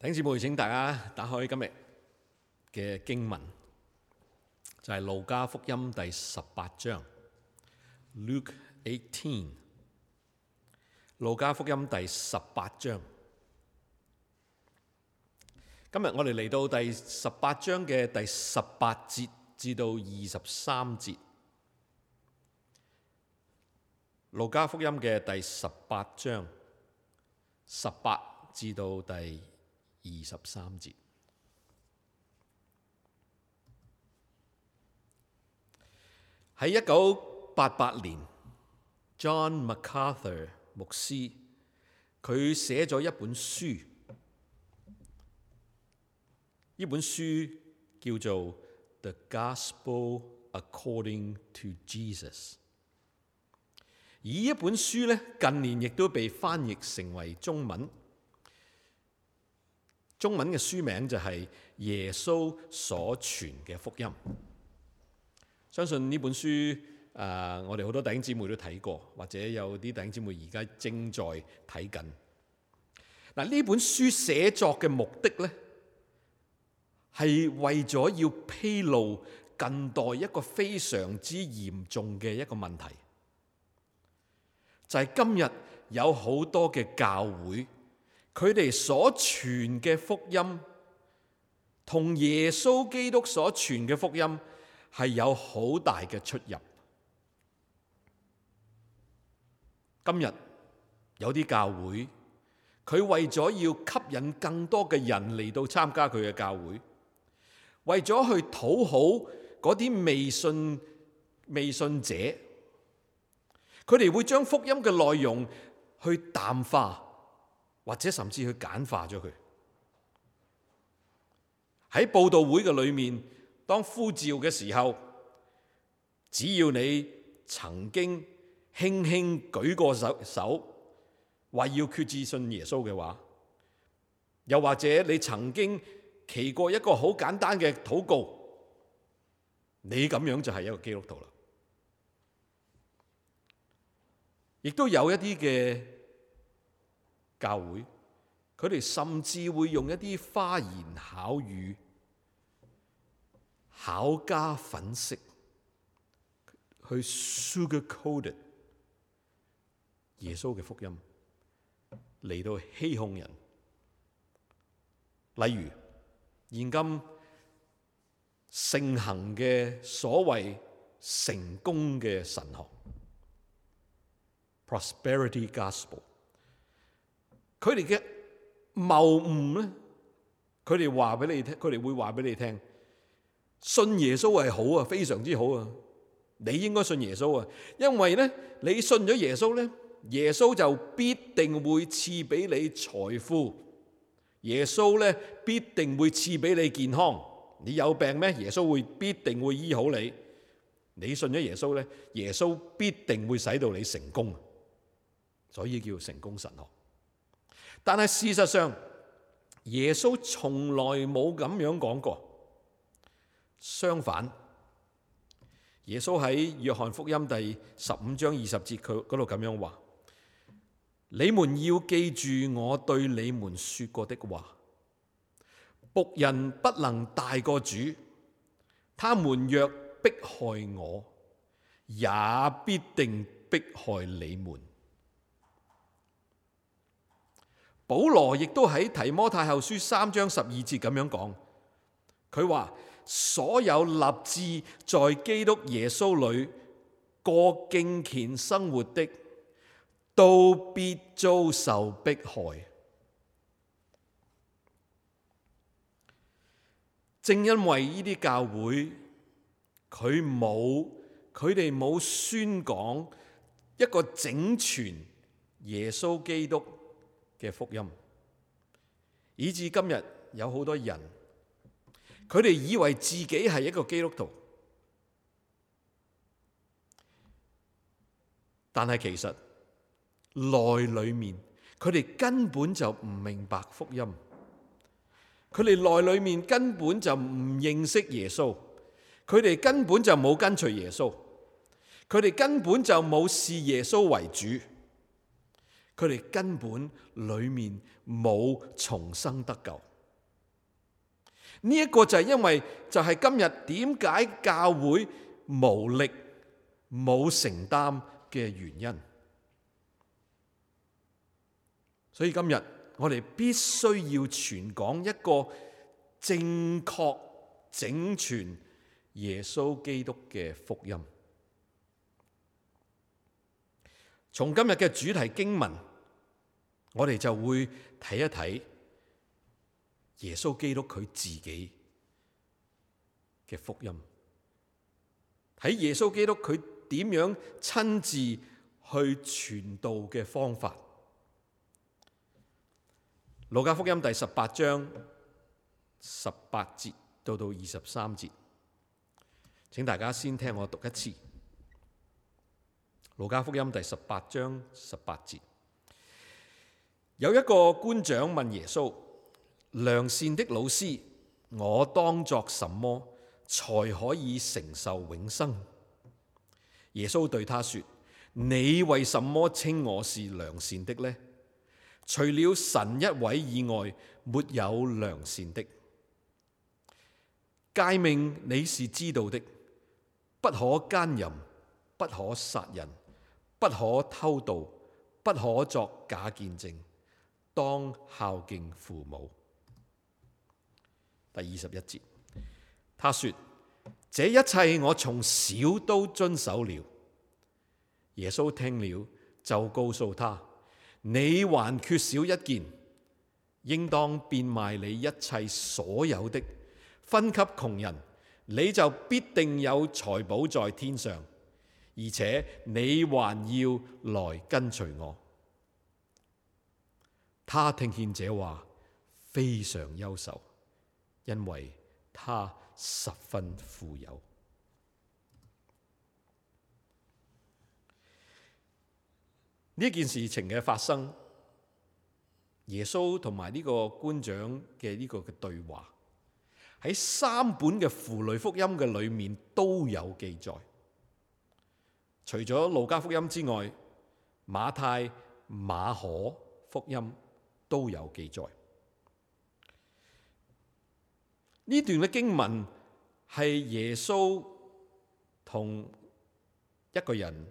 聽節目，請大家打開今日嘅經文，就係路加福音第十八章，Luke eighteen，路加福音第十八章。今日我哋嚟到第十八章嘅第十八節至到二十三節，路加福音嘅第十八章十八至到第二十三節喺一九八八年，John MacArthur 牧師佢寫咗一本書，呢本書叫做《The Gospel According to Jesus》，而一本書咧近年亦都被翻譯成為中文。中文嘅書名就係《耶穌所傳嘅福音》，相信呢本書啊，我哋好多弟兄姊妹都睇過，或者有啲弟兄姊妹而家正在睇緊。嗱，呢本書寫作嘅目的呢，係為咗要披露近代一個非常之嚴重嘅一個問題，就係今日有好多嘅教會。佢哋所傳嘅福音，同耶穌基督所傳嘅福音係有好大嘅出入。今日有啲教會，佢為咗要吸引更多嘅人嚟到參加佢嘅教會，為咗去討好嗰啲未信、未信者，佢哋會將福音嘅內容去淡化。或者甚至去簡化咗佢。喺佈道會嘅裏面，當呼召嘅時候，只要你曾經輕輕舉過手手，話要決志信耶穌嘅話，又或者你曾經祈過一個好簡單嘅禱告，你咁樣就係一個基督徒啦。亦都有一啲嘅。教會，佢哋甚至會用一啲花言巧語、巧加粉飾，去 sugarcoat 耶穌嘅福音嚟到欺哄人。例如現今盛行嘅所謂成功嘅神學 （prosperity gospel）。佢哋嘅謬誤咧，佢哋話俾你聽，佢哋會話俾你聽，信耶穌係好啊，非常之好啊。你應該信耶穌啊，因為咧，你信咗耶穌咧，耶穌就必定會賜俾你財富，耶穌咧必定會賜俾你健康。你有病咩？耶穌會必定會醫好你。你信咗耶穌咧，耶穌必定會使到你成功，所以叫成功神學。但係事實上，耶穌從來冇咁樣講過。相反，耶穌喺《約翰福音》第十五章二十節佢嗰度咁樣話：你們要記住我對你們說過的話。僕人不能大過主，他們若逼害我，也必定逼害你們。保羅亦都喺提摩太後書三章十二節咁樣講，佢話，所有立志在基督耶穌裏過敬虔生活的，都必遭受迫害。正因為呢啲教會，佢冇佢哋冇宣講一個整全耶穌基督。嘅福音，以至今日有好多人，佢哋以為自己係一個基督徒，但係其實內裏面佢哋根本就唔明白福音，佢哋內裏面根本就唔認識耶穌，佢哋根本就冇跟隨耶穌，佢哋根本就冇視耶穌為主。佢哋根本裏面冇重生得救，呢一個就係因為就係今日點解教會無力冇承擔嘅原因。所以今日我哋必須要傳講一個正確整全耶穌基督嘅福音。從今日嘅主題經文。我哋就會睇一睇耶穌基督佢自己嘅福音，睇耶穌基督佢點樣親自去傳道嘅方法。《路加福音》第十八章十八節到到二十三節，請大家先聽我讀一次《路加福音》第十八章十八節。有一個官長問耶穌：良善的老師，我當作什麼才可以承受永生？耶穌對他說：你為什麼稱我是良善的呢？除了神一位以外，沒有良善的。誡命你是知道的：不可姦淫，不可殺人，不可偷盜，不可作假見證。當孝敬父母。第二十一節，他說：這一切我從小都遵守了。耶穌聽了就告訴他：你還缺少一件，應當變賣你一切所有的，分給窮人，你就必定有財寶在天上，而且你還要來跟隨我。他聽見這話非常憂愁，因為他十分富有。呢件事情嘅發生，耶穌同埋呢個官長嘅呢個嘅對話，喺三本嘅符類福音嘅裏面都有記載。除咗路加福音之外，馬太、馬可福音。都有記載。呢段嘅經文係耶穌同一個人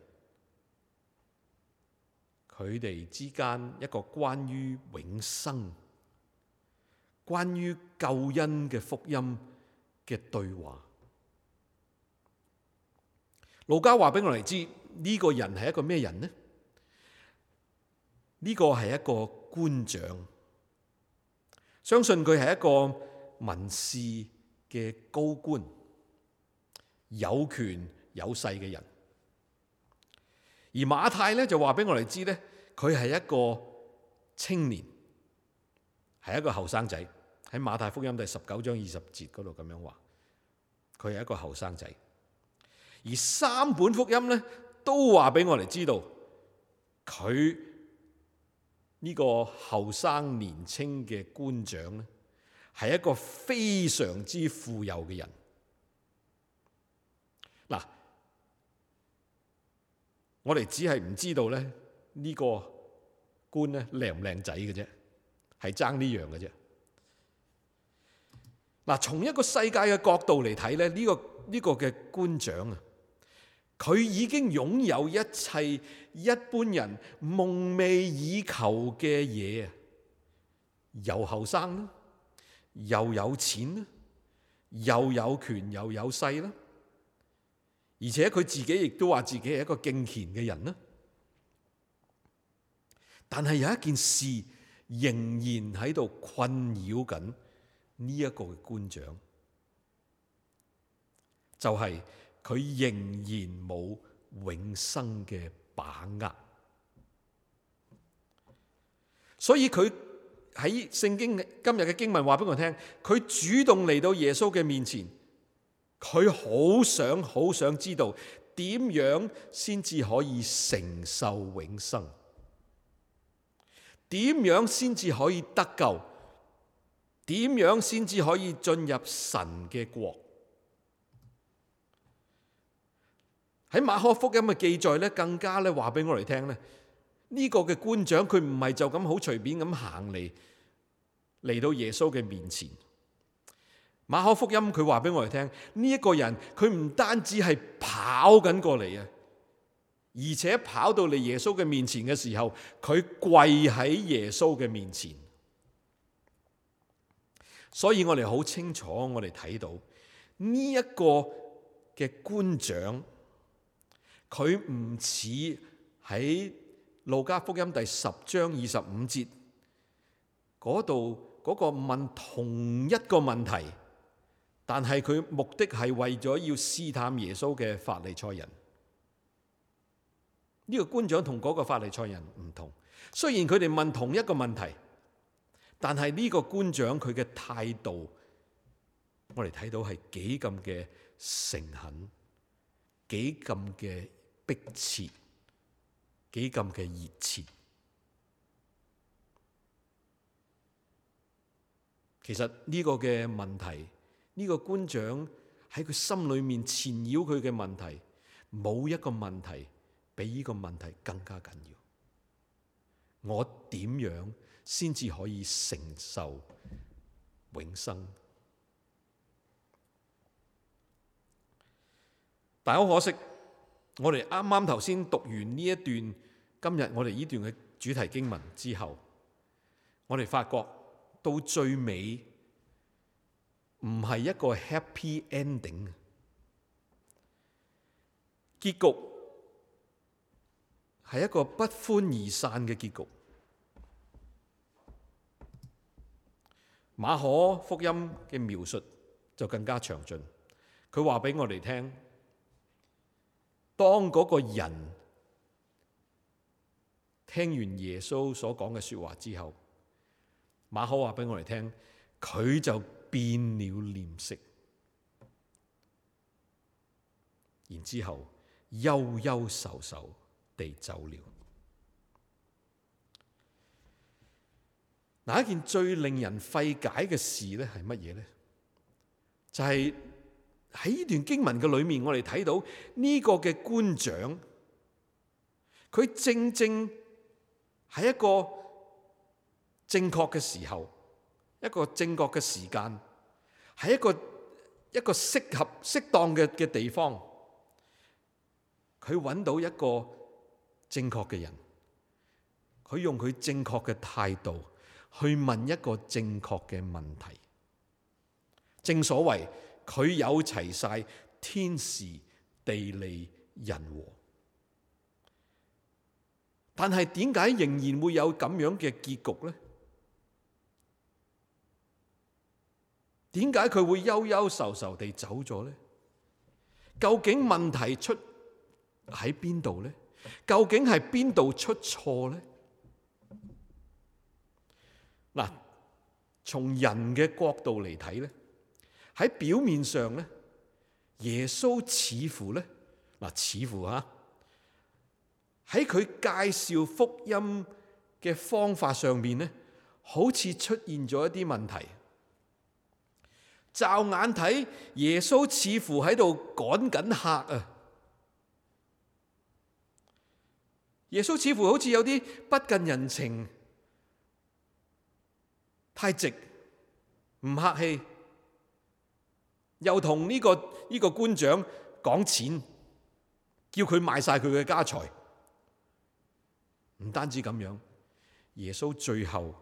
佢哋之間一個關於永生、關於救恩嘅福音嘅對話。路加話俾我哋知，呢個人係一個咩人呢？呢個係一個。官長，相信佢係一個民事嘅高官，有權有勢嘅人。而馬太呢，就話俾我哋知呢，佢係一個青年，係一個後生仔。喺馬太福音第十九章二十節嗰度咁樣話，佢係一個後生仔。而三本福音呢，都話俾我哋知道，佢。呢個後生年青嘅官長咧，係一個非常之富有嘅人。嗱，我哋只係唔知道咧，呢個官咧靚唔靚仔嘅啫，係爭呢樣嘅啫。嗱，從一個世界嘅角度嚟睇咧，呢、呢個呢個嘅官長啊。佢已經擁有一切一般人夢寐以求嘅嘢，又後生啦，又有錢啦，又有權又有勢啦，而且佢自己亦都話自己係一個敬虔嘅人啦。但係有一件事仍然喺度困擾緊呢一個官長，就係，佢仍然冇永生嘅把握，所以佢喺聖經今日嘅經文話俾我聽，佢主動嚟到耶穌嘅面前，佢好想好想知道點樣先至可以承受永生，點樣先至可以得救，點樣先至可以進入神嘅國。喺馬可福音嘅記載咧，更加咧話俾我哋聽咧，呢、這個嘅官長佢唔係就咁好隨便咁行嚟，嚟到耶穌嘅面前。馬可福音佢話俾我哋聽，呢、這、一個人佢唔單止係跑緊過嚟啊，而且跑到嚟耶穌嘅面前嘅時候，佢跪喺耶穌嘅面前。所以我哋好清楚我看，我哋睇到呢一個嘅官長。佢唔似喺路加福音第十章二十五節嗰度嗰個問同一個問題，但係佢目的係為咗要試探耶穌嘅法利賽人。呢個官長同嗰個法利賽人唔同，雖然佢哋問同一個問題，但係呢個官長佢嘅態度，我哋睇到係幾咁嘅誠懇，幾咁嘅。迫切，幾咁嘅熱切，其實呢個嘅問題，呢個官長喺佢心裏面纏繞佢嘅問題，冇一個問題比呢個問題更加緊要。我點樣先至可以承受永生？但係好可惜。我哋啱啱頭先讀完呢一段，今日我哋呢段嘅主題經文之後，我哋發覺到最尾唔係一個 happy ending，結局係一個不歡而散嘅結局。馬可福音嘅描述就更加詳盡，佢話俾我哋聽。當嗰個人聽完耶穌所講嘅說話之後，馬可話俾我哋聽，佢就變了臉色，然之後憂憂愁愁愁地走了。嗱，一件最令人費解嘅事咧，係乜嘢咧？就係、是。喺呢段經文嘅裏面，我哋睇到呢個嘅官長，佢正正係一個正確嘅時候，一個正確嘅時間，係一個一個適合適當嘅嘅地方，佢揾到一個正確嘅人，佢用佢正確嘅態度去問一個正確嘅問題。正所謂。佢有齊晒天時地利人和，但係點解仍然會有咁樣嘅結局呢？點解佢會憂憂愁愁地走咗呢？究竟問題出喺邊度呢？究竟係邊度出錯呢？嗱，從人嘅角度嚟睇呢。喺表面上咧，耶穌似乎咧，嗱似乎哈，啊，喺佢介紹福音嘅方法上面咧，好似出現咗一啲問題。驟眼睇，耶穌似乎喺度趕緊嚇啊！耶穌似乎好似有啲不近人情，太直，唔客氣。又同呢個呢個官長講錢，叫佢賣晒佢嘅家財。唔單止咁樣，耶穌最後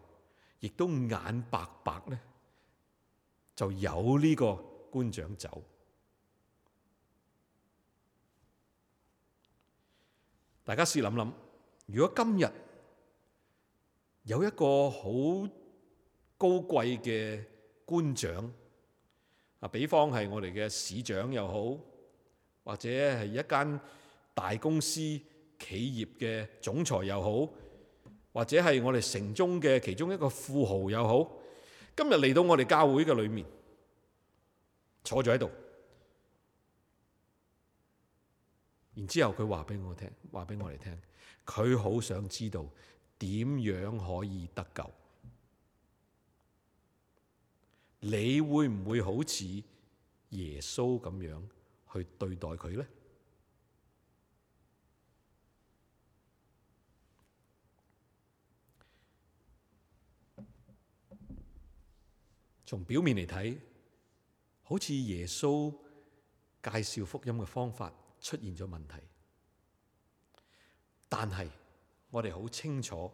亦都眼白白咧，就由呢個官長走。大家試諗諗，如果今日有一個好高貴嘅官長，嗱，比方係我哋嘅市長又好，或者係一間大公司企業嘅總裁又好，或者係我哋城中嘅其中一個富豪又好，今日嚟到我哋教會嘅裏面坐咗喺度，然之後佢話俾我聽，話俾我哋聽，佢好想知道點樣可以得救。你會唔會好似耶穌咁樣去對待佢呢？從表面嚟睇，好似耶穌介紹福音嘅方法出現咗問題，但係我哋好清楚，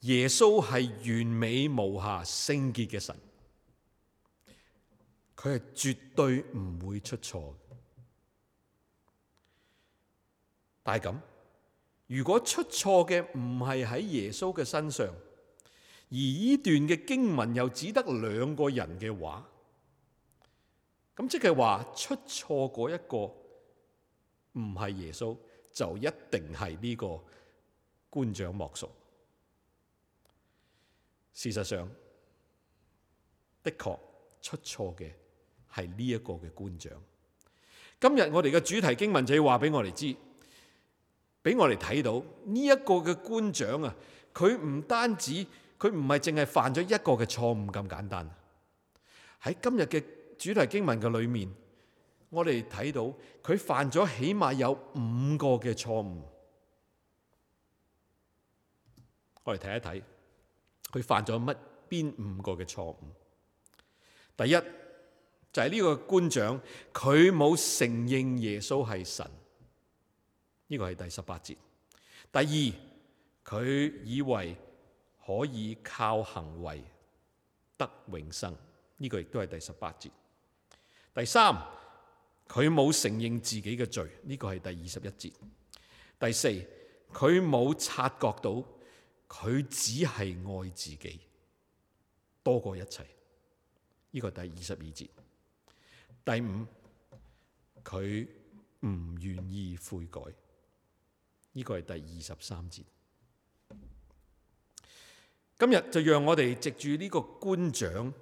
耶穌係完美無瑕、聖潔嘅神。佢係絕對唔會出錯，但係咁，如果出錯嘅唔係喺耶穌嘅身上，而呢段嘅經文又只得兩個人嘅話，咁即係話出錯嗰一個唔係耶穌，就一定係呢個官長莫屬。事實上，的確出錯嘅。係呢一個嘅官長。今日我哋嘅主題經文就要話俾我哋知，俾我哋睇到呢一個嘅官長啊，佢唔單止佢唔係淨係犯咗一個嘅錯誤咁簡單。喺今日嘅主題經文嘅裏面，我哋睇到佢犯咗起碼有五個嘅錯誤。我哋睇一睇佢犯咗乜邊五個嘅錯誤。第一。就係呢個官長，佢冇承認耶穌係神，呢個係第十八節。第二，佢以為可以靠行為得永生，呢個亦都係第十八節。第三，佢冇承認自己嘅罪，呢個係第二十一節。第四，佢冇察覺到佢只係愛自己多過一切，呢個係第二十二節。第五，佢唔願意悔改，呢個係第二十三節。今日就讓我哋藉住呢個官長，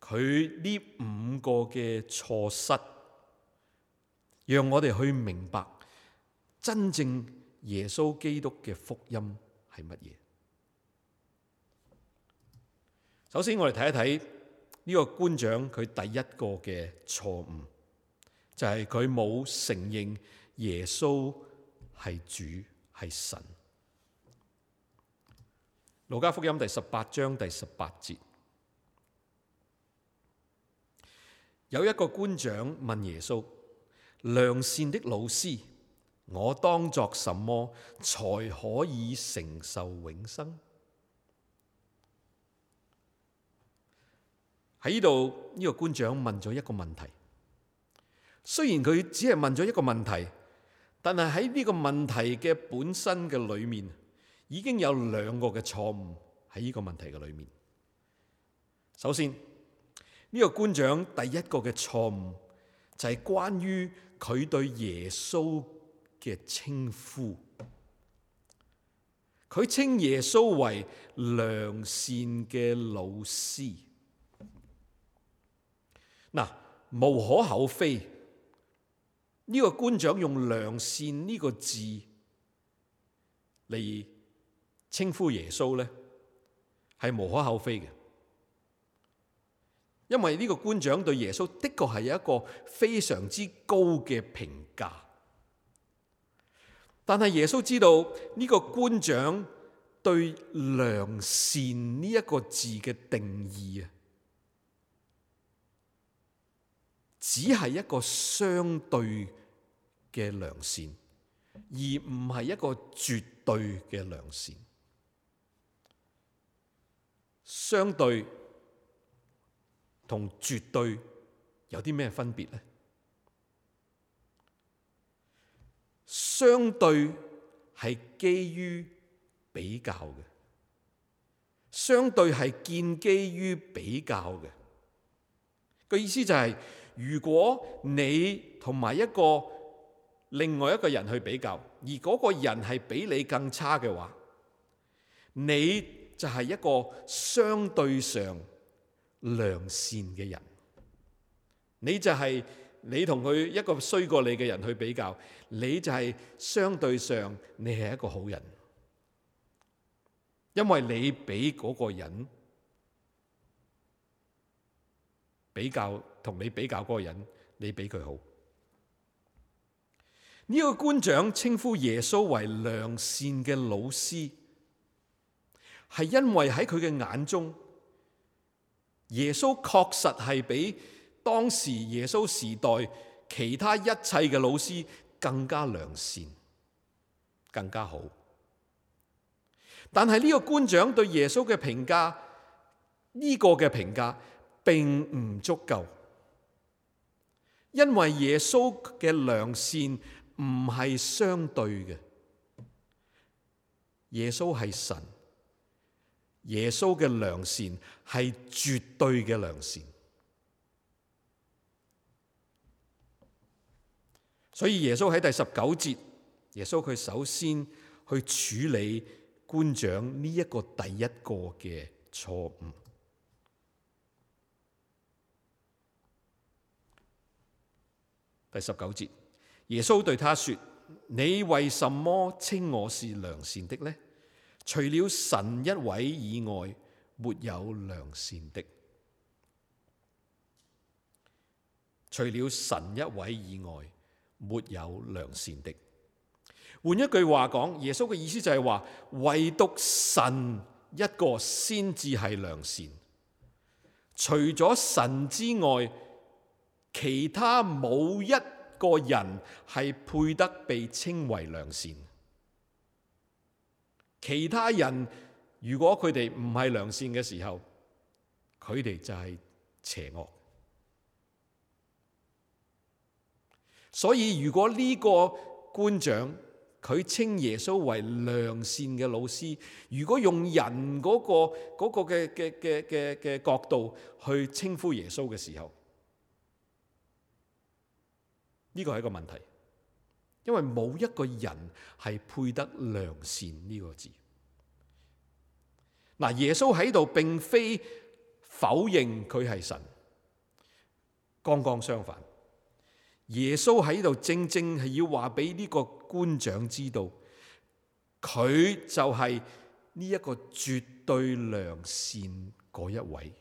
佢呢五個嘅錯失，讓我哋去明白真正耶穌基督嘅福音係乜嘢。首先我們看看，我哋睇一睇。呢個官長佢第一個嘅錯誤，就係佢冇承認耶穌係主係神。路加福音第十八章第十八節，有一個官長問耶穌：「良善的老師，我當作什麼才可以承受永生？喺呢度呢個官長問咗一個問題，雖然佢只係問咗一個問題，但係喺呢個問題嘅本身嘅裏面，已經有兩個嘅錯誤喺呢個問題嘅裏面。首先，呢個官長第一個嘅錯誤就係關於佢對耶穌嘅稱呼，佢稱耶穌為良善嘅老師。嗱，無可厚非，呢個官長用良善呢個字嚟稱呼耶穌呢，係無可厚非嘅，因為呢個官長對耶穌的確係有一個非常之高嘅評價。但係耶穌知道呢個官長對良善呢一個字嘅定義啊。只係一個相對嘅良善，而唔係一個絕對嘅良善。相對同絕對有啲咩分別呢？相對係基於比較嘅，相對係建基於比較嘅。個意思就係、是。如果你同埋一個另外一個人去比較，而嗰個人係比你更差嘅話，你就係一個相對上良善嘅人。你就係你同佢一個衰過你嘅人去比較，你就係相對上你係一個好人，因為你比嗰個人。比較同你比較嗰個人，你比佢好。呢個官長稱呼耶穌為良善嘅老師，係因為喺佢嘅眼中，耶穌確實係比當時耶穌時代其他一切嘅老師更加良善，更加好。但係呢個官長對耶穌嘅評價，呢個嘅評價。並唔足夠，因為耶穌嘅良善唔係相對嘅。耶穌係神，耶穌嘅良善係絕對嘅良善。所以耶穌喺第十九節，耶穌佢首先去處理官長呢一個第一個嘅錯誤。第十九節，耶穌對他說：你為什麼稱我是良善的呢？除了神一位以外，沒有良善的。除了神一位以外，沒有良善的。換一句話講，耶穌嘅意思就係話，唯獨神一個先至係良善。除咗神之外。其他冇一個人係配得被稱為良善，其他人如果佢哋唔係良善嘅時候，佢哋就係邪惡。所以如果呢個官長佢稱耶穌為良善嘅老師，如果用人嗰個個嘅嘅嘅嘅角度去稱呼耶穌嘅時候，呢個係一個問題，因為冇一個人係配得良善呢個字。嗱，耶穌喺度，並非否認佢係神，剛剛相反，耶穌喺度正正係要話俾呢個官長知道，佢就係呢一個絕對良善嗰一位，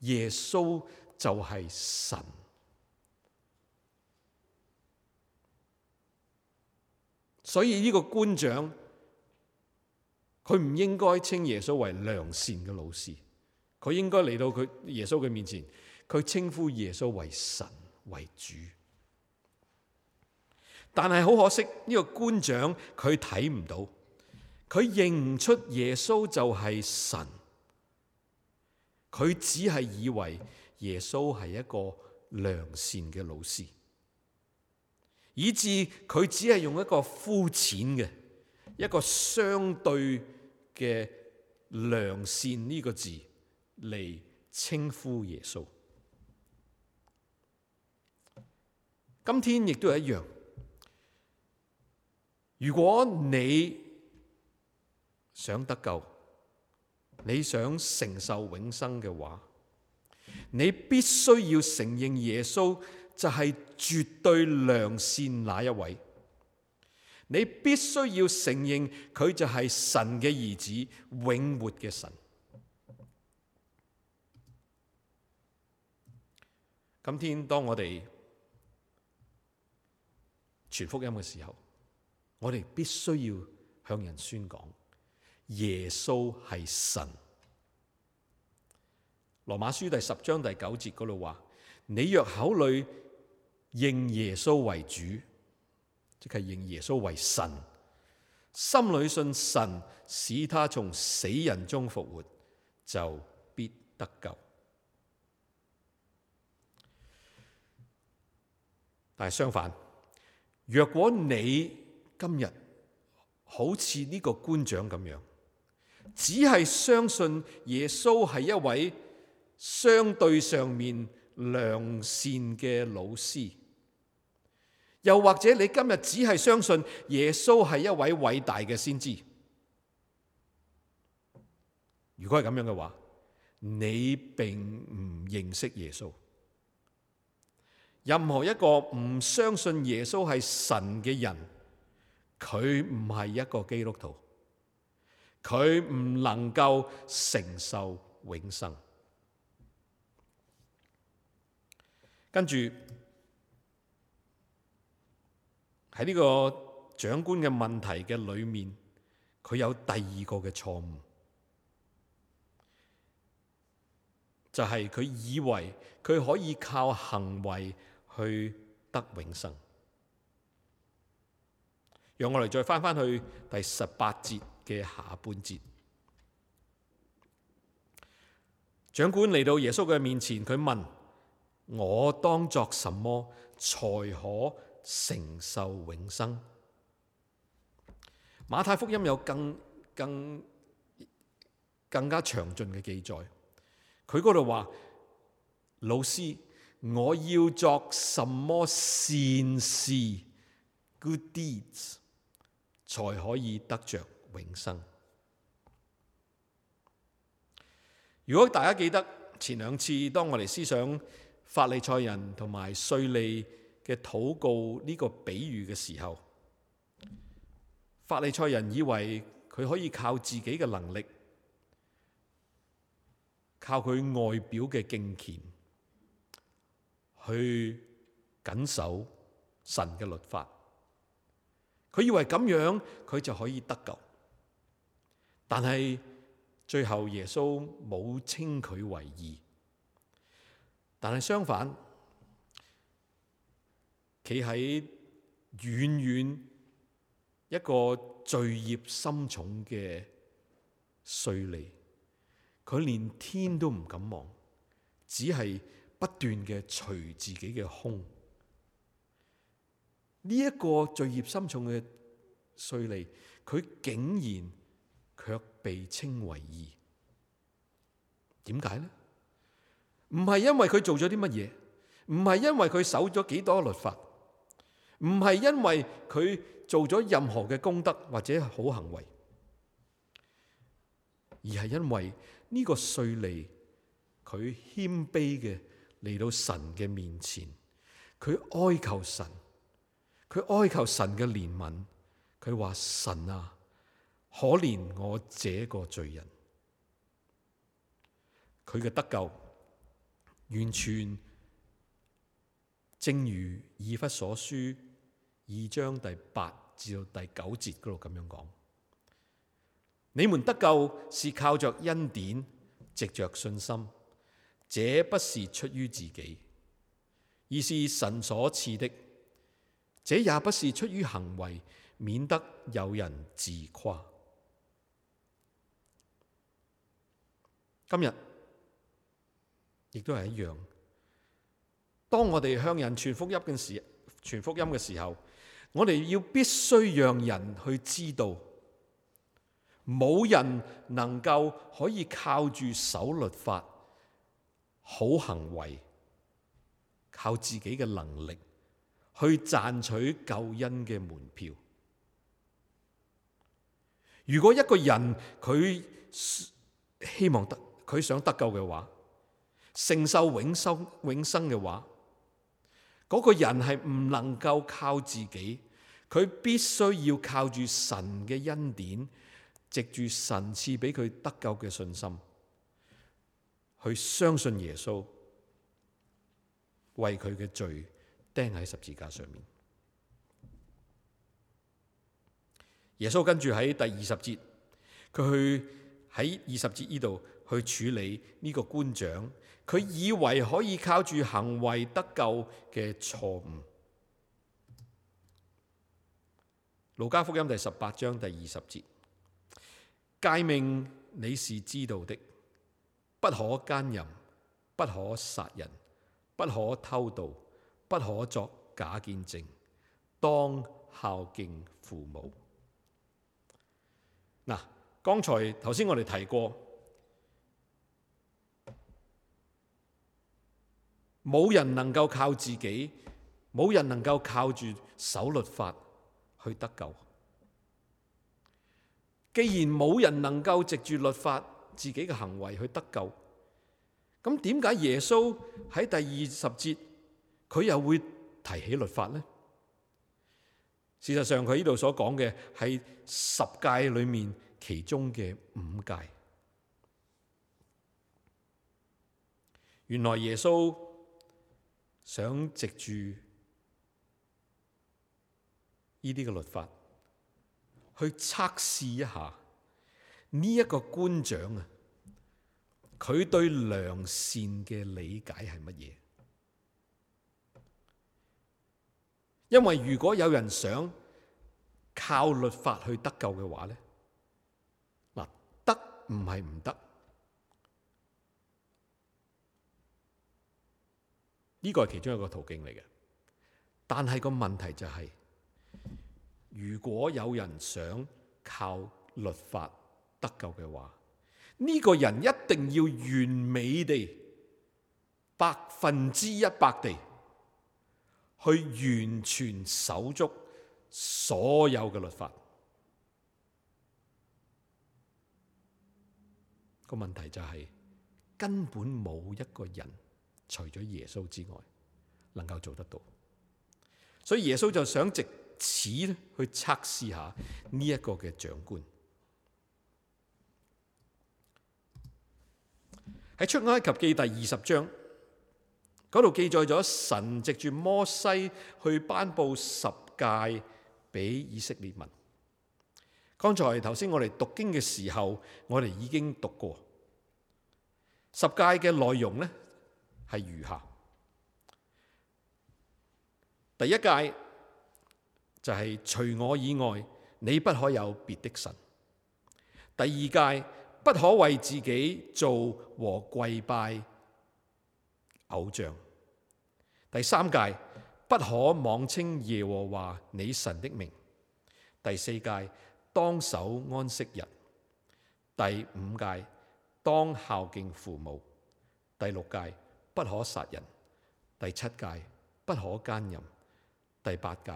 耶穌就係神。所以呢個官長，佢唔應該稱耶穌為良善嘅老師，佢應該嚟到佢耶穌嘅面前，佢稱呼耶穌為神為主。但係好可惜，呢個官長佢睇唔到，佢認唔出耶穌就係神，佢只係以為耶穌係一個良善嘅老師。以至佢只係用一個膚淺嘅一個相對嘅良善呢個字嚟稱呼耶穌。今天亦都係一樣，如果你想得救，你想承受永生嘅話，你必須要承認耶穌。就係絕對良善那一位，你必須要承認佢就係神嘅兒子，永活嘅神。今天當我哋傳福音嘅時候，我哋必須要向人宣講耶穌係神。羅馬書第十章第九節嗰度話：你若考慮。認耶穌為主，即係認耶穌為神，心裏信神，使他從死人中復活，就必得救。但係相反，若果你今日好似呢個官長咁樣，只係相信耶穌係一位相對上面良善嘅老師。又或者你今日只係相信耶穌係一位偉大嘅先知，如果係咁樣嘅話，你並唔認識耶穌。任何一個唔相信耶穌係神嘅人，佢唔係一個基督徒，佢唔能夠承受永生。跟住。喺呢個長官嘅問題嘅裏面，佢有第二個嘅錯誤，就係佢以為佢可以靠行為去得永生。讓我嚟，再翻翻去第十八節嘅下半節，長官嚟到耶穌嘅面前，佢問，我當作什麼才可承受永生。馬太福音有更更更加詳盡嘅記載，佢嗰度話：老師，我要作什麼善事，good deeds，才可以得着永生？如果大家記得前兩次，當我哋思想法利賽人同埋稅吏。嘅禱告呢個比喻嘅時候，法利賽人以為佢可以靠自己嘅能力，靠佢外表嘅敬虔去謹守神嘅律法，佢以為咁樣佢就可以得救，但係最後耶穌冇稱佢為義，但係相反。企喺遠遠一個罪孽深重嘅稅吏，佢連天都唔敢望，只係不斷嘅除自己嘅胸。呢、這、一個罪孽深重嘅稅吏，佢竟然卻被稱為義，點解呢？唔係因為佢做咗啲乜嘢，唔係因為佢守咗幾多律法。唔係因為佢做咗任何嘅功德或者好行為，而係因為呢個稅吏，佢謙卑嘅嚟到神嘅面前，佢哀求神，佢哀求神嘅憐憫，佢話神啊，可憐我這個罪人，佢嘅得救完全正如以弗所書。二章第八至到第九節嗰度咁樣講，你們得救是靠着恩典，藉着信心，這不是出於自己，而是神所賜的。這也不是出於行為，免得有人自誇。今日亦都係一樣，當我哋向人傳福音嘅時，傳福音嘅時候。我哋要必須讓人去知道，冇人能夠可以靠住守律法、好行為、靠自己嘅能力去賺取救恩嘅門票。如果一個人佢希望得佢想得救嘅話，承受永生永生嘅話。嗰個人係唔能夠靠自己，佢必須要靠住神嘅恩典，藉住神賜俾佢得救嘅信心，去相信耶穌為佢嘅罪釘喺十字架上面。耶穌跟住喺第二十節，佢去喺二十節呢度去處理呢個官長。佢以為可以靠住行為得救嘅錯誤，《路加福音》第十八章第二十節：誡命你是知道的，不可奸淫，不可殺人，不可偷盜，不可作假見證，當孝敬父母。嗱，剛才頭先我哋提過。冇人能夠靠自己，冇人能夠靠住守律法去得救。既然冇人能夠藉住律法自己嘅行為去得救，咁點解耶穌喺第二十節佢又會提起律法呢？事實上，佢呢度所講嘅係十誡裏面其中嘅五誡。原來耶穌。想藉住呢啲嘅律法去測試一下呢一個官長啊，佢對良善嘅理解係乜嘢？因為如果有人想靠律法去得救嘅話咧，嗱，得唔係唔得？呢個係其中一個途徑嚟嘅，但係個問題就係、是，如果有人想靠律法得救嘅話，呢、這個人一定要完美地百分之一百地去完全守足所有嘅律法。個問題就係、是、根本冇一個人。除咗耶穌之外，能夠做得到，所以耶穌就想藉此去測試下呢一個嘅長官。喺出埃及記第二十章嗰度記載咗神藉住摩西去頒布十誡俾以色列民。剛才頭先我哋讀經嘅時候，我哋已經讀過十誡嘅內容呢。係如下：第一誡就係、是、除我以外，你不可有別的神；第二誡不可為自己做和跪拜偶像；第三誡不可妄稱耶和華你神的名；第四誡當守安息日；第五誡當孝敬父母；第六誡，不可殺人，第七戒；不可奸淫，第八戒；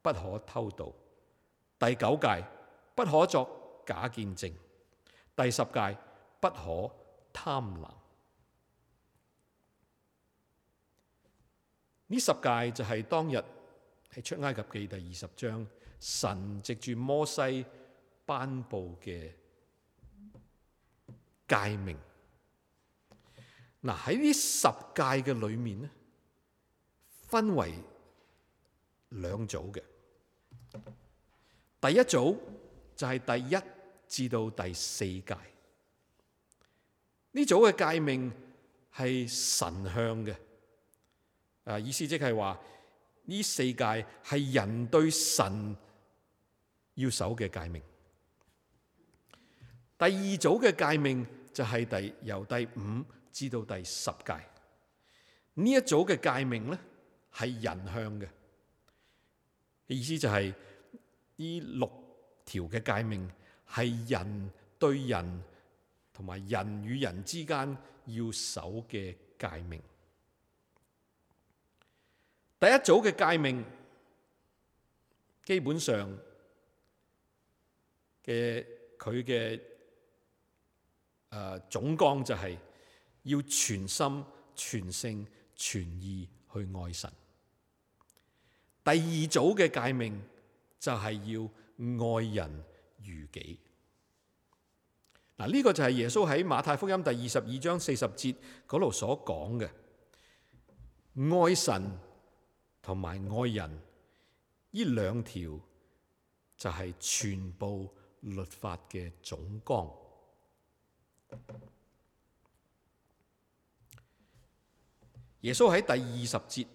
不可偷盜，第九戒；不可作假見證，第十戒；不可貪婪。呢十戒就係當日喺出埃及記第二十章，神藉住摩西頒布嘅戒命。嗱，喺呢十誡嘅裏面咧，分為兩組嘅。第一組就係第一至到第四誡，呢組嘅誡命係神向嘅。啊，意思即係話呢四誡係人對神要守嘅誡命。第二組嘅誡命就係第由第五，至到第十戒，呢一組嘅戒命咧係人向嘅，意思就係呢六條嘅戒命係人對人同埋人與人之間要守嘅戒命。第一組嘅戒命基本上嘅佢嘅啊總綱就係、是。要全心、全性、全意去愛神。第二組嘅誡命就係要愛人如己。嗱呢個就係耶穌喺馬太福音第二十二章四十節嗰度所講嘅：「愛神同埋愛人，呢兩條就係全部律法嘅總綱。」耶穌喺第二十節，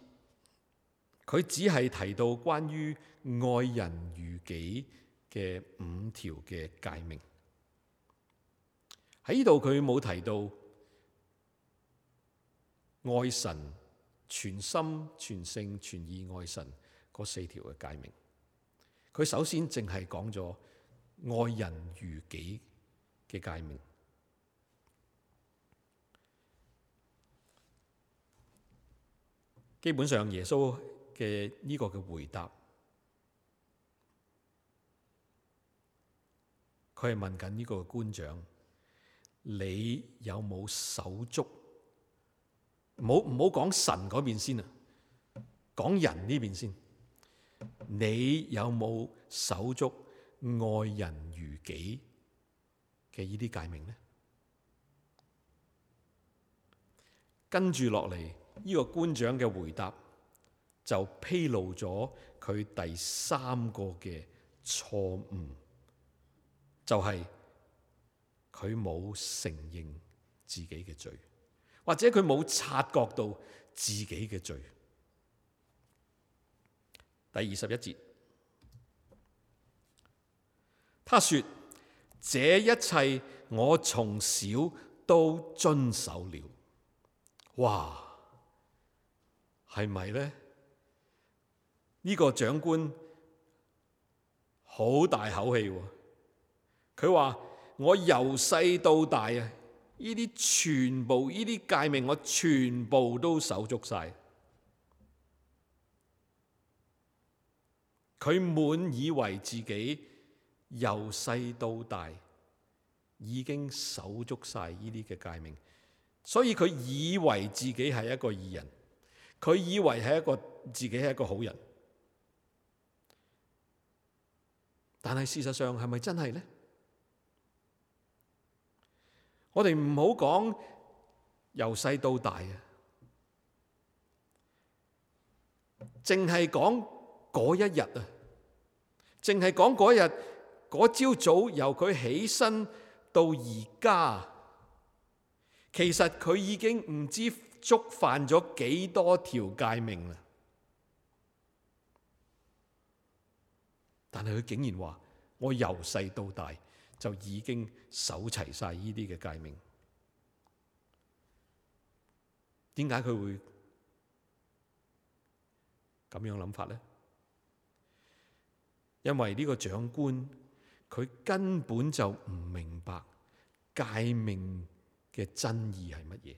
佢只係提到關於愛人如己嘅五條嘅誡命。喺呢度佢冇提到愛神，全心、全性、全意愛神嗰四條嘅誡命。佢首先淨係講咗愛人如己嘅誡命。基本上耶穌嘅呢個嘅回答，佢係問緊呢個官長，你有冇手足？冇唔好講神嗰邊先啊，講人呢邊先。你有冇手足？愛人如己嘅呢啲誡命呢，跟住落嚟。呢個官長嘅回答就披露咗佢第三個嘅錯誤，就係佢冇承認自己嘅罪，或者佢冇察覺到自己嘅罪。第二十一節，他說：「這一切我從小都遵守了。」哇！係咪呢？呢，這個長官好大口氣，佢話我由細到大啊，呢啲全部呢啲誡命我全部都守足晒。佢滿以為，以為自己由細到大已經守足晒呢啲嘅誡命，所以佢以為自己係一個義人。佢以為係一個自己係一個好人，但係事實上係咪真係呢？我哋唔好講由細到大啊，淨係講嗰一日啊，淨係講嗰日嗰朝早由佢起身到而家，其實佢已經唔知。觸犯咗幾多條誡命啦？但係佢竟然話：我由細到大就已經守齊晒呢啲嘅誡命。點解佢會咁樣諗法呢？因為呢個長官佢根本就唔明白誡命嘅真義係乜嘢。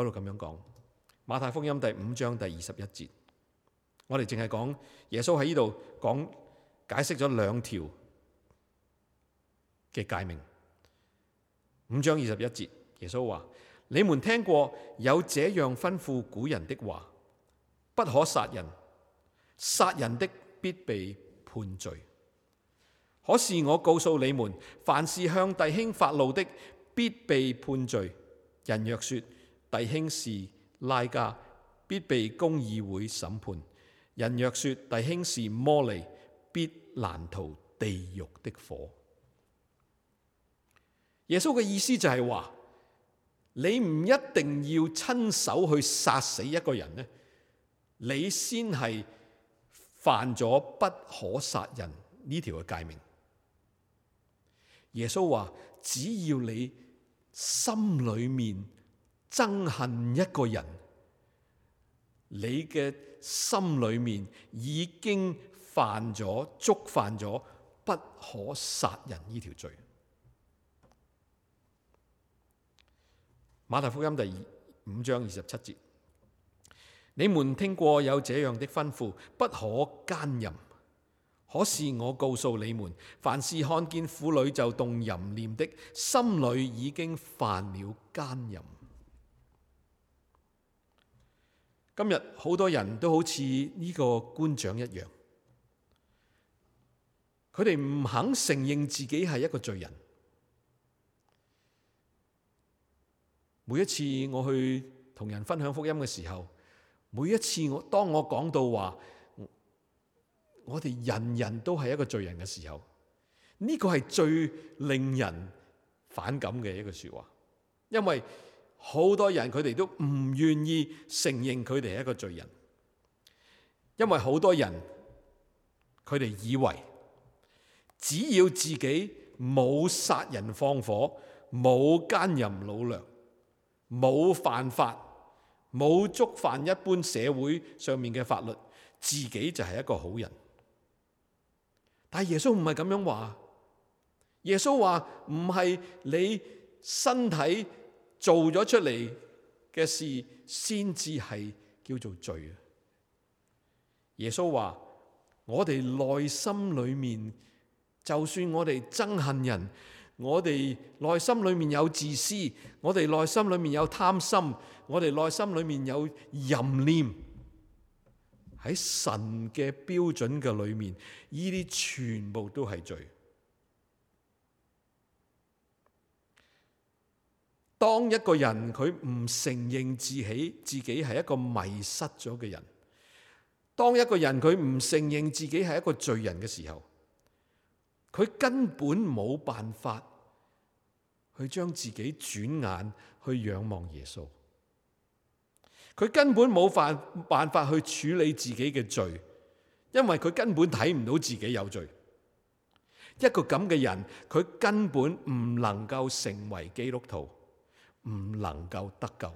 喺度咁樣講馬太福音第五章第二十一節，我哋淨係講耶穌喺呢度講解釋咗兩條嘅誡命。五章二十一節，耶穌話：你們聽過有這樣吩咐古人的話，不可殺人，殺人的必被判罪。可是我告訴你們，凡是向弟兄發怒的，必被判罪。人若說弟兄是拉加，必被公議會審判；人若說弟兄是魔利，必難逃地獄的火。耶穌嘅意思就係話，你唔一定要親手去殺死一個人咧，你先係犯咗不可殺人呢條嘅誡命。耶穌話：只要你心裏面。憎恨一個人，你嘅心裏面已經犯咗，觸犯咗不可殺人呢條罪。馬太福音第五章二十七節：你們聽過有這樣的吩咐，不可姦淫。可是我告訴你們，凡是看見婦女就動淫念的，心裏已經犯了姦淫。今日好多人都好似呢個官長一樣，佢哋唔肯承認自己係一個罪人。每一次我去同人分享福音嘅時候，每一次我當我講到話我哋人人都係一個罪人嘅時候，呢個係最令人反感嘅一句說話，因為。好多人佢哋都唔願意承認佢哋係一個罪人，因為好多人佢哋以為只要自己冇殺人放火、冇奸淫擄掠、冇犯法、冇觸犯一般社會上面嘅法律，自己就係一個好人。但耶穌唔係咁樣話，耶穌話唔係你身體做咗出嚟嘅事，先至係叫做罪啊！耶穌話，我哋內心裏面，就算我哋憎恨人，我哋內心裏面有自私，我哋內心裏面有貪心，我哋內心裏面有淫念，喺神嘅標準嘅裏面，呢啲全部都係罪。當一個人佢唔承認自己，自己係一個迷失咗嘅人；當一個人佢唔承認自己係一個罪人嘅時候，佢根本冇辦法去將自己轉眼去仰望耶穌。佢根本冇法辦法去處理自己嘅罪，因為佢根本睇唔到自己有罪。一個咁嘅人，佢根本唔能夠成為基督徒。唔能夠得救，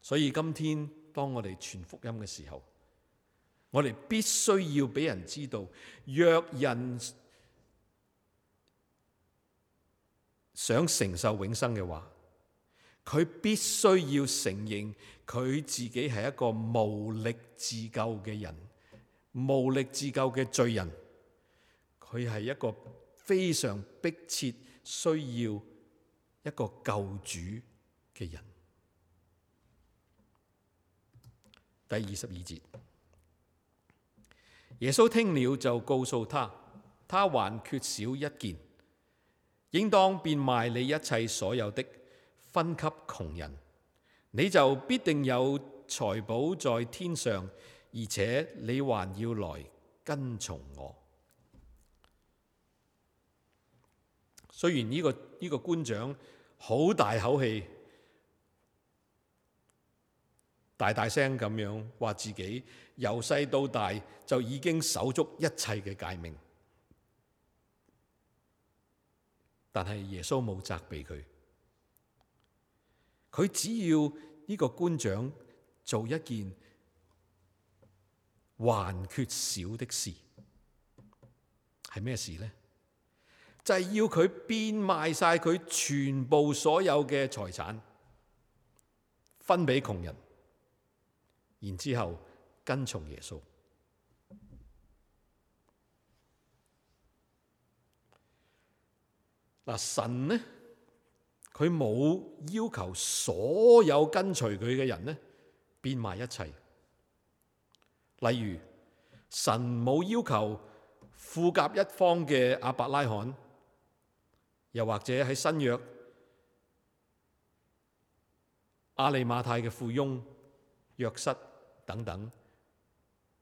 所以今天當我哋傳福音嘅時候，我哋必須要俾人知道，若人想承受永生嘅話，佢必須要承認佢自己係一個無力自救嘅人，無力自救嘅罪人，佢係一個。非常迫切需要一個救主嘅人。第二十二節，耶穌聽了就告訴他，他還缺少一件，應當變賣你一切所有的，分給窮人，你就必定有財寶在天上，而且你還要來跟從我。雖然呢個呢個官長好大口氣，大大聲咁樣話自己由細到大就已經守足一切嘅誡命，但係耶穌冇責備佢，佢只要呢個官長做一件還缺少的事，係咩事呢？就係要佢變賣晒佢全部所有嘅財產，分俾窮人，然之後跟從耶穌。嗱，神呢，佢冇要求所有跟隨佢嘅人呢，變賣一切。例如，神冇要求富甲一方嘅亞伯拉罕。又或者喺新約亞利馬太嘅富翁約瑟等等，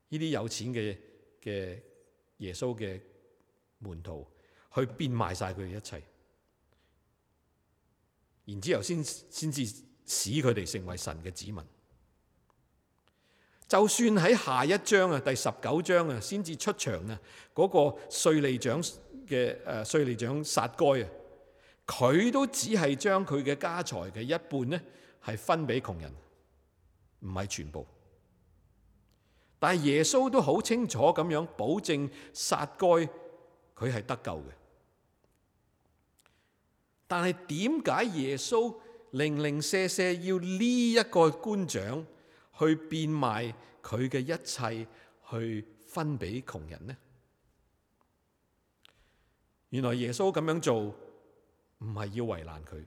呢啲有錢嘅嘅耶穌嘅門徒去變賣晒佢哋一切，然之後先先至使佢哋成為神嘅子民。就算喺下一章啊，第十九章啊，先至出場啊，嗰，那個稅吏長嘅誒稅吏長撒該啊。佢都只係將佢嘅家財嘅一半呢，係分俾窮人，唔係全部。但係耶穌都好清楚咁樣保證撒該佢係得救嘅。但係點解耶穌零零舍舍要呢一個官長去變賣佢嘅一切去分俾窮人呢？原來耶穌咁樣做，唔係要為難佢，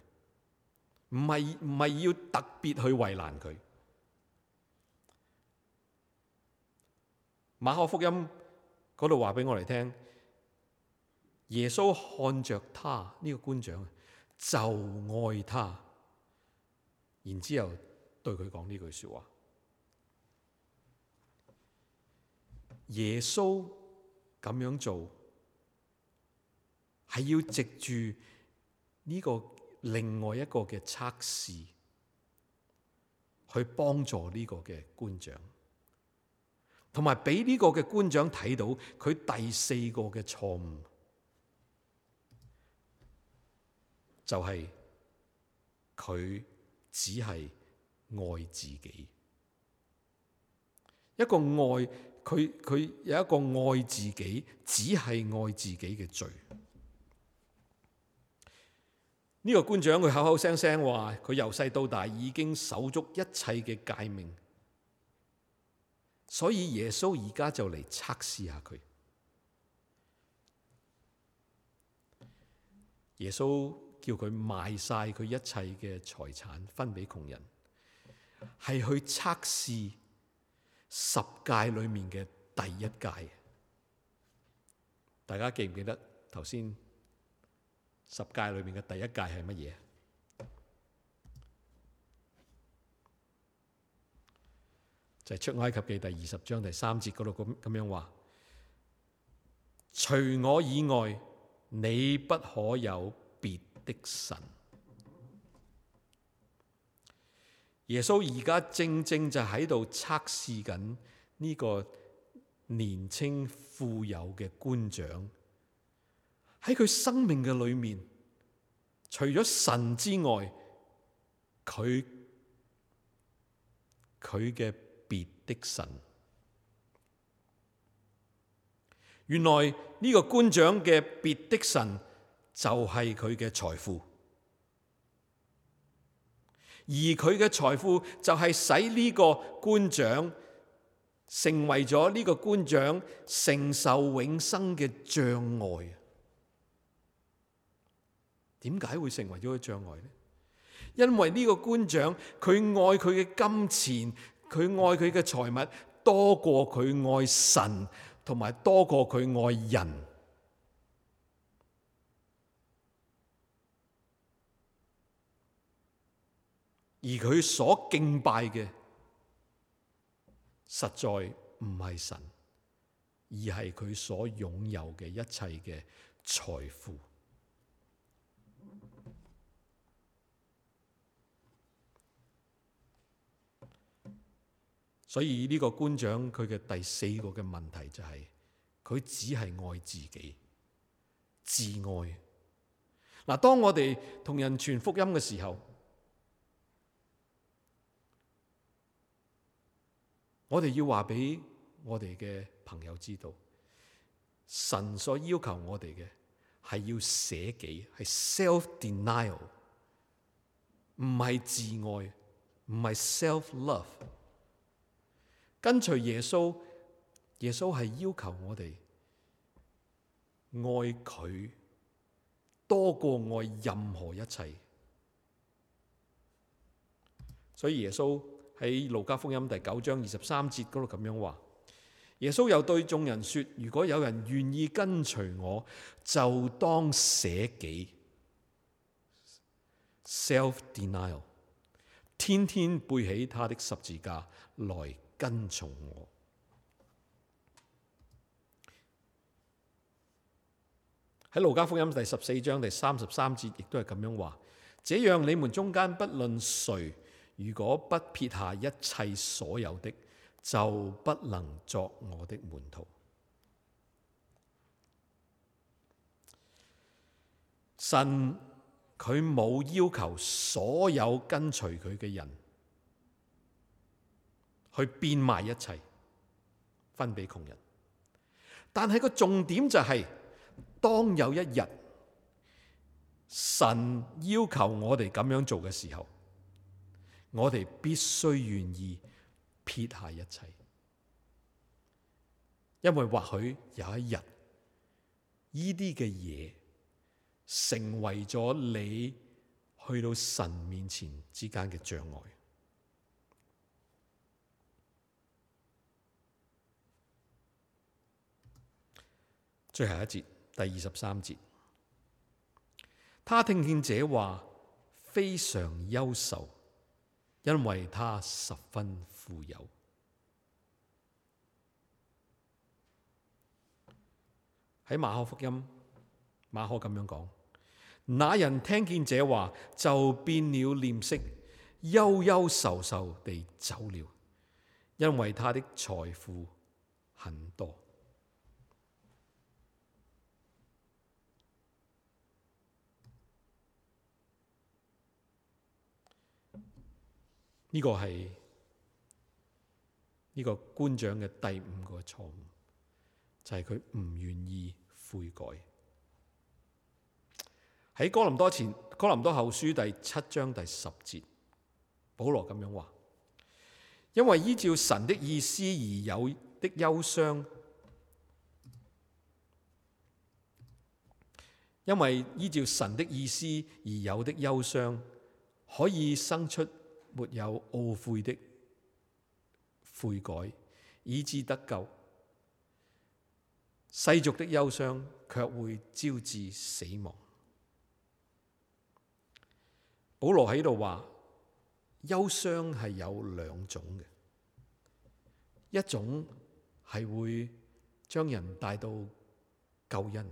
唔係唔係要特別去為難佢。馬可福音嗰度話俾我哋聽，耶穌看着他呢個官長，就愛他，然之後對佢講呢句說話。耶穌咁樣做，係要藉住。呢個另外一個嘅測試，去幫助呢個嘅官長，同埋俾呢個嘅官長睇到佢第四個嘅錯誤，就係佢只係愛自己。一個愛佢，佢有一個愛自己，只係愛自己嘅罪。呢個官長佢口口聲聲話佢由細到大已經守足一切嘅誡命，所以耶穌而家就嚟測試下佢。耶穌叫佢賣晒佢一切嘅財產分俾窮人，係去測試十誡裏面嘅第一誡。大家記唔記得頭先？十誡裏面嘅第一誡係乜嘢？就係出埃及記第二十章第三節嗰度咁咁樣話：除我以外，你不可有別的神。耶穌而家正正就喺度測試緊呢個年輕富有嘅官長。喺佢生命嘅裏面，除咗神之外，佢佢嘅別的神，原來呢個官長嘅別的神就係佢嘅財富，而佢嘅財富就係使呢個官長成為咗呢個官長承受永生嘅障礙。點解會成為咗個障礙呢？因為呢個官長，佢愛佢嘅金錢，佢愛佢嘅財物，多過佢愛神，同埋多過佢愛人。而佢所敬拜嘅，實在唔係神，而係佢所擁有嘅一切嘅財富。所以呢個官長佢嘅第四個嘅問題就係佢只係愛自己，自愛。嗱，當我哋同人傳福音嘅時候，我哋要話俾我哋嘅朋友知道，神所要求我哋嘅係要捨己，係 self denial，唔係自愛，唔係 self love。跟隨耶穌，耶穌係要求我哋愛佢多過愛任何一切。所以耶穌喺路加福音第九章二十三節度咁樣話：耶穌又對眾人說，如果有人願意跟隨我，就當捨己，self denial，天天背起他的十字架來。跟從我。喺《路家福音》第十四章第三十三節，亦都係咁樣話：這樣你們中間不論誰，如果不撇下一切所有的，就不能作我的門徒。神佢冇要求所有跟隨佢嘅人，去變賣一切，分俾窮人。但係個重點就係、是，當有一日神要求我哋咁樣做嘅時候，我哋必須願意撇下一切，因為或許有一日，依啲嘅嘢成為咗你去到神面前之間嘅障礙。最後一節，第二十三節，他聽見這話非常憂愁，因為他十分富有。喺馬可福音，馬可咁樣講：那人聽見這話就變了臉色，憂憂愁愁地走了，因為他的財富很多。呢個係呢個官長嘅第五個錯誤，就係佢唔願意悔改。喺哥林多前、哥林多後書第七章第十節，保羅咁樣話：因為依照神的意思而有的憂傷，因為依照神的意思而有的憂傷，可以生出。沒有懊悔的悔改，以致得救；世俗的憂傷卻會招致死亡。保羅喺度話：憂傷係有兩種嘅，一種係會將人帶到救恩，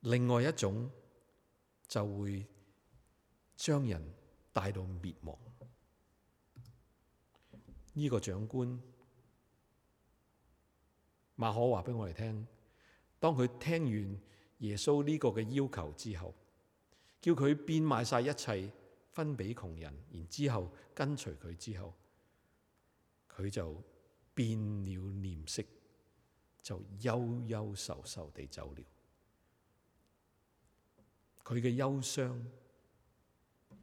另外一種就會將人。帶到滅亡。呢、這個長官馬可話俾我哋聽，當佢聽完耶穌呢個嘅要求之後，叫佢變賣晒一切分俾窮人，然之後跟隨佢之後，佢就變了臉色，就憂憂愁愁地走了。佢嘅憂傷。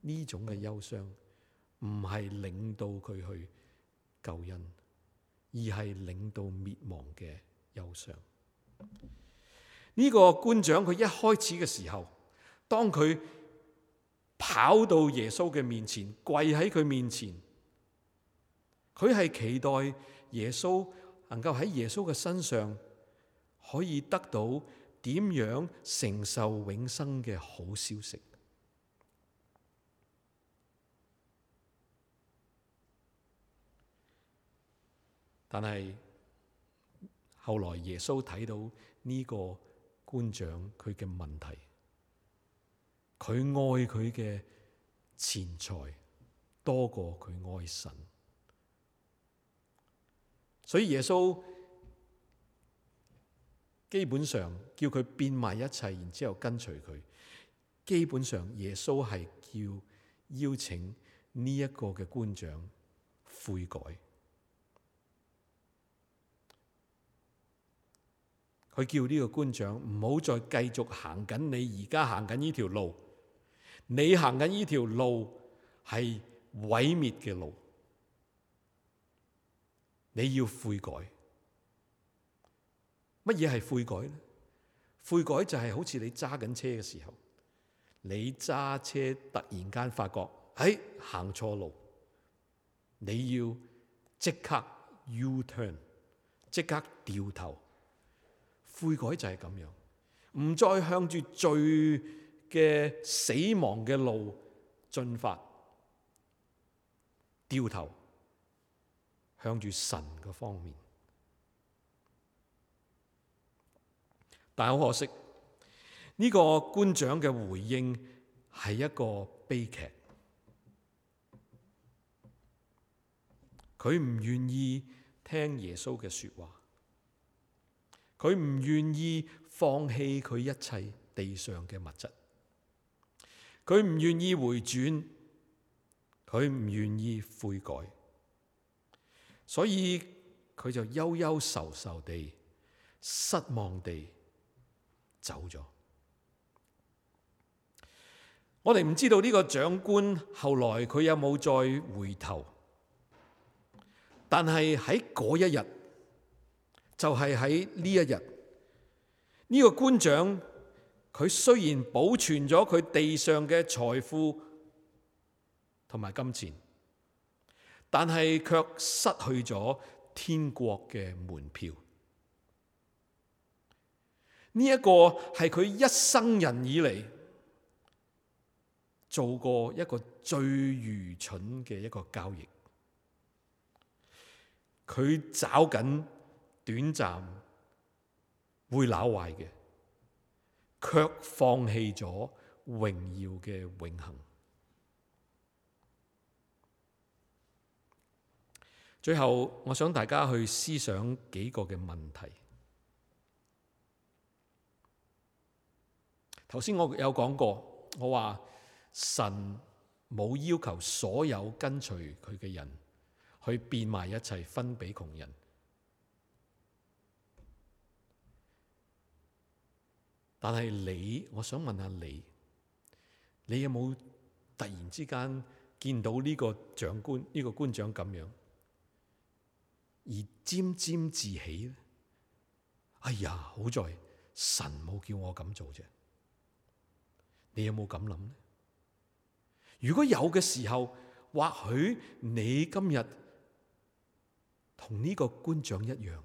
呢種嘅憂傷，唔係領導佢去救恩，而係領導滅亡嘅憂傷。呢個官長佢一開始嘅時候，當佢跑到耶穌嘅面前，跪喺佢面前，佢係期待耶穌能夠喺耶穌嘅身上可以得到點樣承受永生嘅好消息。但係後來耶穌睇到呢個官長佢嘅問題，佢愛佢嘅錢財多過佢愛神，所以耶穌基本上叫佢變賣一切，然之後跟隨佢。基本上耶穌係叫邀請呢一個嘅官長悔改。佢叫呢個官長唔好再繼續行緊你而家行緊呢條路，你行緊呢條路係毀滅嘅路，你要悔改。乜嘢係悔改呢？悔改就係好似你揸緊車嘅時候，你揸車突然間發覺喺、哎、行錯路，你要即刻 U-turn，即刻掉頭。悔改就係咁樣，唔再向住罪嘅死亡嘅路進發，掉頭向住神嘅方面。但係好可惜，呢個官長嘅回應係一個悲劇。佢唔願意聽耶穌嘅說話。佢唔願意放棄佢一切地上嘅物質，佢唔願意回轉，佢唔願意悔改，所以佢就憂憂愁愁地、失望地走咗。我哋唔知道呢個長官後來佢有冇再回頭，但係喺嗰一日。就係喺呢一日，呢個官長佢雖然保存咗佢地上嘅財富同埋金錢，但係卻失去咗天國嘅門票。呢一個係佢一生人以嚟做過一個最愚蠢嘅一個交易。佢找緊。短暫會朽壞嘅，卻放棄咗榮耀嘅永恆。最後，我想大家去思想幾個嘅問題。頭先我有講過，我話神冇要求所有跟隨佢嘅人去變賣一切分俾窮人。但係你，我想問下你，你有冇突然之間見到呢個長官、呢個官長咁樣，而沾沾自喜咧？哎呀，好在神冇叫我咁做啫。你有冇咁諗呢？如果有嘅時候，或許你今日同呢個官長一樣。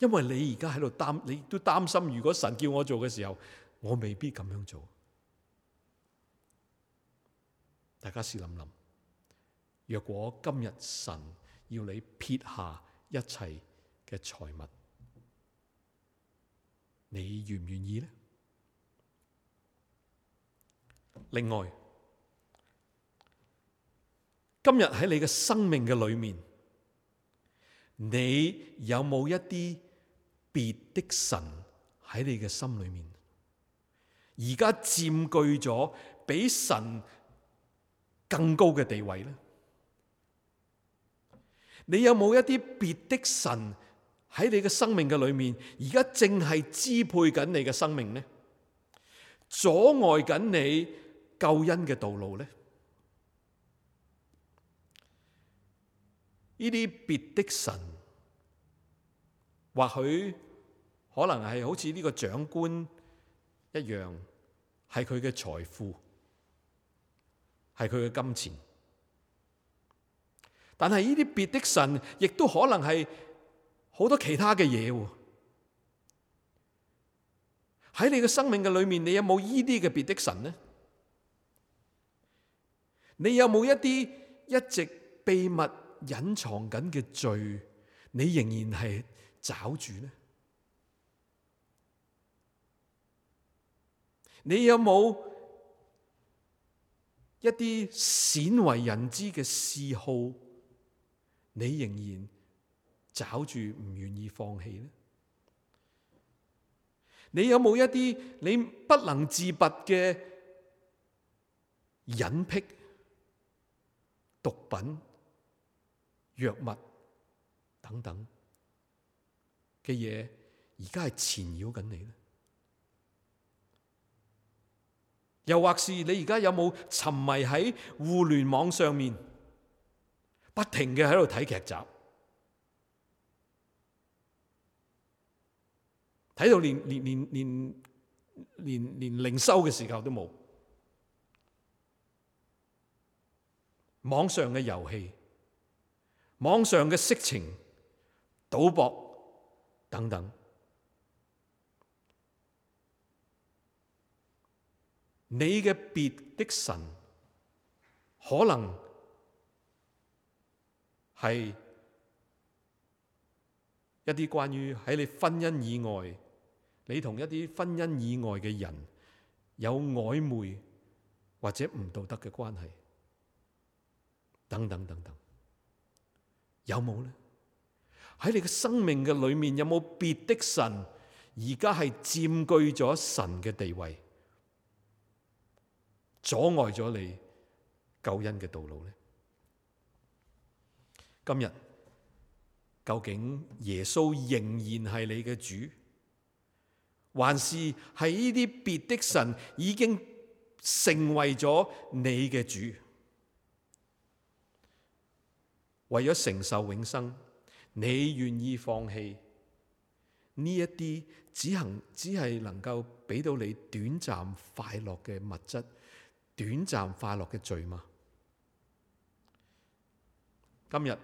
因為你而家喺度擔，你都擔心，如果神叫我做嘅時候，我未必咁樣做。大家試諗諗，若果今日神要你撇下一切嘅財物，你願唔願意呢？另外，今日喺你嘅生命嘅裏面，你有冇一啲？別的神喺你嘅心裏面，而家佔據咗比神更高嘅地位咧？你有冇一啲別的神喺你嘅生命嘅裏面？而家正係支配緊你嘅生命呢？阻礙緊你救恩嘅道路咧？呢啲別的神？或許可能係好似呢個長官一樣，係佢嘅財富，係佢嘅金錢。但係呢啲別的神，亦都可能係好多其他嘅嘢喎。喺你嘅生命嘅裏面，你有冇呢啲嘅別的神呢？你有冇一啲一直秘密隱藏緊嘅罪？你仍然係？找住呢？你有冇一啲鮮為人知嘅嗜好？你仍然找住唔願意放棄呢？你有冇一啲你不能自拔嘅隱癖、毒品、藥物等等？嘅嘢，而家係纏繞緊你咧，又或是你而家有冇沉迷喺互聯網上面，不停嘅喺度睇劇集，睇到連連連連連連靈修嘅時候都冇，網上嘅遊戲，網上嘅色情、賭博。等等，你嘅別的神可能係一啲關於喺你婚姻以外，你同一啲婚姻以外嘅人有曖昧或者唔道德嘅關係，等等等等，有冇呢？喺你嘅生命嘅裏面，有冇別的神而家係佔據咗神嘅地位，阻礙咗你救恩嘅道路呢？今日究竟耶穌仍然係你嘅主，還是喺呢啲別的神已經成為咗你嘅主，為咗承受永生？你願意放棄呢一啲只能只係能夠俾到你短暫快樂嘅物質、短暫快樂嘅罪嗎？今日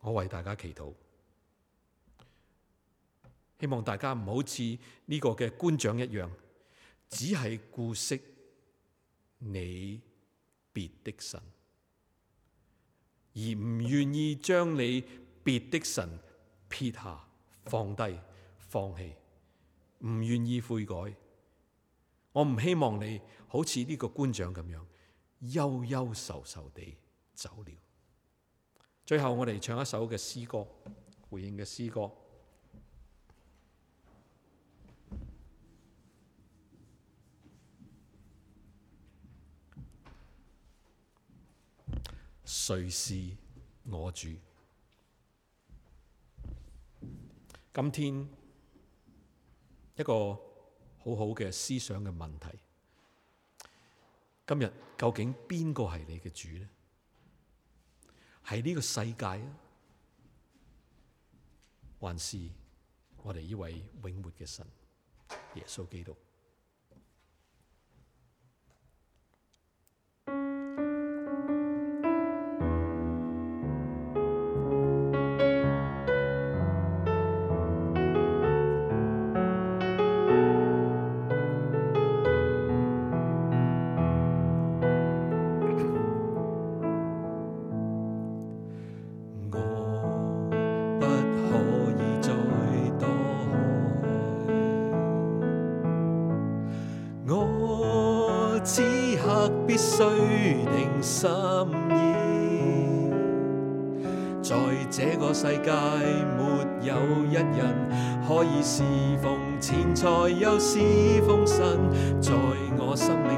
我為大家祈禱，希望大家唔好似呢個嘅官長一樣，只係顧惜你別的神，而唔願意將你。別的神撇下、放低、放棄，唔願意悔改。我唔希望你好似呢個官長咁樣，憂憂愁愁地走了。最後我哋唱一首嘅詩歌，回應嘅詩歌。誰是我主？今天一個很好好嘅思想嘅問題，今日究竟邊個係你嘅主呢？係呢個世界啊，還是我哋呢位永活嘅神耶穌基督？最定心意，在這個世界沒有一人可以侍奉錢財又侍奉神，在我心裏。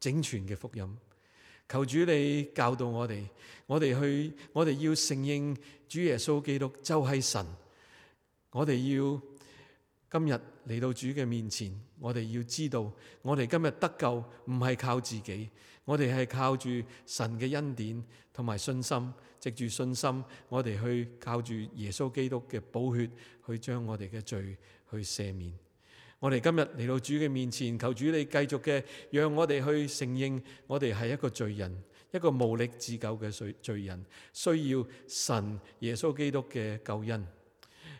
整全嘅福音，求主你教導我哋，我哋去，我哋要承認主耶穌基督就係神。我哋要今日嚟到主嘅面前，我哋要知道，我哋今日得救唔係靠自己，我哋係靠住神嘅恩典同埋信心，藉住信心，我哋去靠住耶穌基督嘅寶血，去將我哋嘅罪去赦免。我哋今日嚟到主嘅面前，求主你繼續嘅讓我哋去承認我哋係一個罪人，一個無力自救嘅罪罪人，需要神耶穌基督嘅救恩。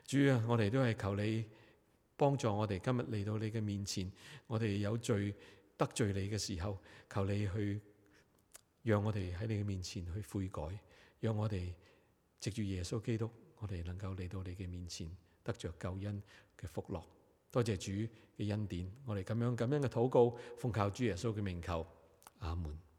主啊，我哋都係求你幫助我哋今日嚟到你嘅面前。我哋有罪得罪你嘅時候，求你去讓我哋喺你嘅面前去悔改，讓我哋藉住耶穌基督，我哋能夠嚟到你嘅面前，得着救恩嘅福樂。多謝主嘅恩典，我哋咁樣咁樣嘅禱告，奉靠主耶穌嘅名求，阿門。